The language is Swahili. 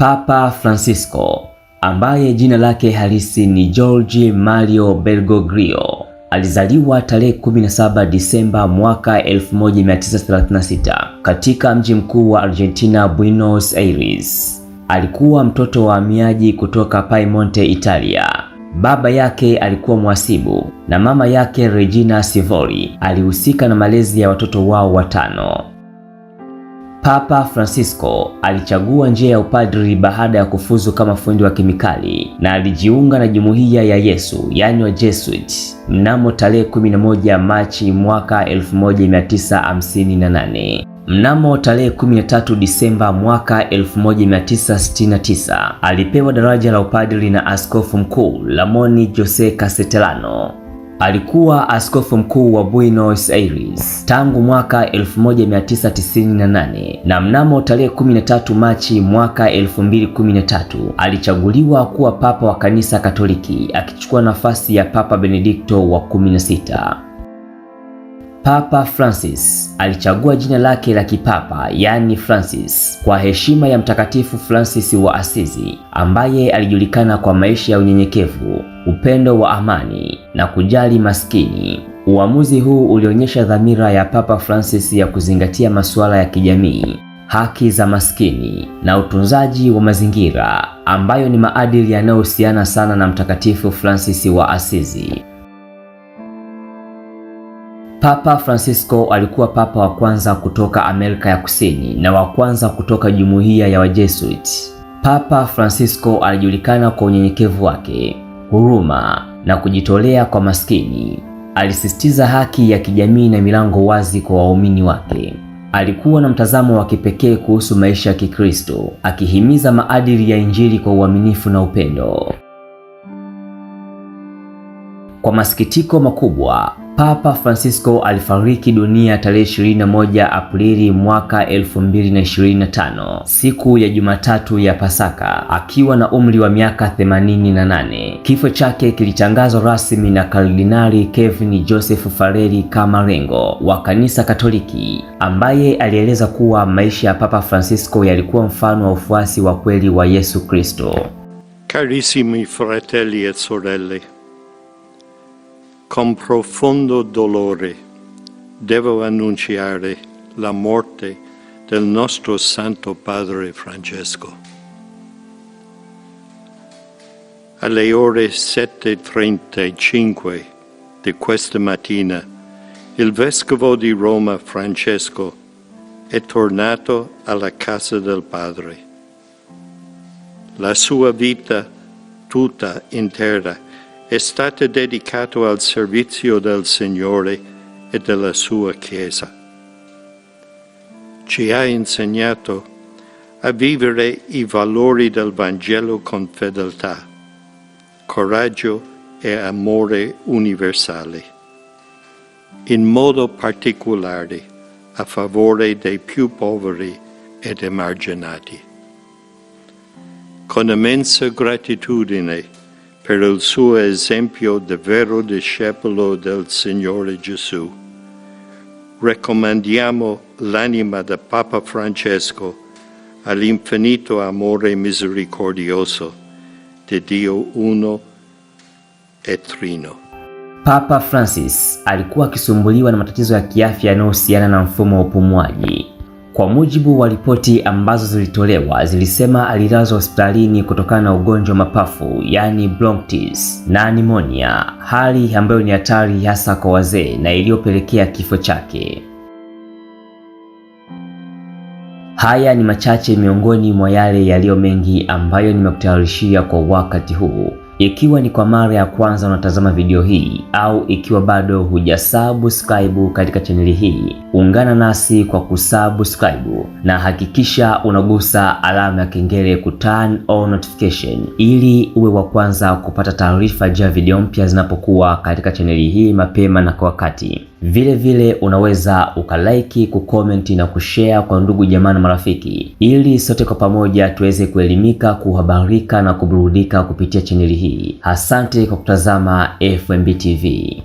Papa Francisco ambaye jina lake halisi ni Jorge Mario Bergoglio alizaliwa tarehe 17 Disemba mwaka 1936 katika mji mkuu wa Argentina, Buenos Aires. Alikuwa mtoto wa wahamiaji kutoka Piemonte, Italia. Baba yake alikuwa mhasibu na mama yake Regina Sivori alihusika na malezi ya watoto wao watano. Papa Francisco alichagua njia ya upadri baada ya kufuzu kama fundi wa kemikali na alijiunga na jumuiya ya Yesu yaani wa Jesuit mnamo tarehe 11 Machi mwaka 1958. Mnamo tarehe 13 Disemba mwaka 1969 alipewa daraja la upadri na askofu mkuu Ramon Jose Castellano. Alikuwa askofu mkuu wa Buenos Aires tangu mwaka 1998 na mnamo tarehe 13 Machi mwaka 2013 alichaguliwa kuwa papa wa kanisa Katoliki akichukua nafasi ya Papa Benedikto wa 16. Papa Francis alichagua jina lake la kipapa yaani Francis kwa heshima ya Mtakatifu Francis wa Asizi ambaye alijulikana kwa maisha ya unyenyekevu, upendo wa amani na kujali maskini. Uamuzi huu ulionyesha dhamira ya Papa Francis ya kuzingatia masuala ya kijamii, haki za maskini na utunzaji wa mazingira ambayo ni maadili yanayohusiana sana na Mtakatifu Francis wa Asizi. Papa Francisco alikuwa papa wa kwanza kutoka Amerika ya Kusini na wa kwanza kutoka jumuiya ya Wajesuit. Papa Francisco alijulikana kwa unyenyekevu wake, huruma na kujitolea kwa maskini. Alisisitiza haki ya kijamii na milango wazi kwa waumini wake. Alikuwa na mtazamo wa kipekee kuhusu maisha ya Kikristo, akihimiza maadili ya Injili kwa uaminifu na upendo. Kwa masikitiko makubwa, Papa Francisco alifariki dunia tarehe 21 Aprili mwaka 2025, siku ya Jumatatu ya Pasaka, akiwa na umri wa miaka 88. Kifo chake kilitangazwa rasmi na Kardinali Kevin Joseph Farrell Camerlengo wa Kanisa Katoliki, ambaye alieleza kuwa maisha ya Papa Francisco yalikuwa mfano wa ufuasi wa kweli wa Yesu Kristo. Carissimi fratelli e sorelle con profondo dolore devo annunciare la morte del nostro Santo Padre Francesco. Alle ore 7.35 di questa mattina il Vescovo di Roma Francesco è tornato alla casa del Padre. La sua vita tutta intera è stato dedicato al servizio del Signore e della sua Chiesa. Ci ha insegnato a vivere i valori del Vangelo con fedeltà, coraggio e amore universale, in modo particolare a favore dei più poveri ed emarginati. Con immensa gratitudine per il suo esempio di vero discepolo del Signore Gesù. Recomandiamo l'anima da Papa Francesco all'infinito amore misericordioso di Dio uno e trino. Papa Francis alikuwa akisumbuliwa na matatizo ya kiafya yanayohusiana na mfumo wa upumuaji. Kwa mujibu wa ripoti ambazo zilitolewa, zilisema alilazwa hospitalini kutokana na ugonjwa mapafu, yaani bronchitis na pneumonia, hali ambayo ni hatari hasa kwa wazee na iliyopelekea kifo chake. Haya ni machache miongoni mwa yale yaliyo mengi ambayo nimekutayarishia kwa wakati huu. Ikiwa ni kwa mara ya kwanza unatazama video hii au ikiwa bado hujasubscribe katika chaneli hii, ungana nasi kwa kusubscribe na hakikisha unagusa alama ya kengele ku turn on notification ili uwe wa kwanza kupata taarifa juu ya video mpya zinapokuwa katika chaneli hii mapema na kwa wakati. Vile vile unaweza ukalaiki, kukomenti na kushare kwa ndugu jamaa na marafiki, ili sote kwa pamoja tuweze kuelimika, kuhabarika na kuburudika kupitia chaneli hii. Asante kwa kutazama FMB TV.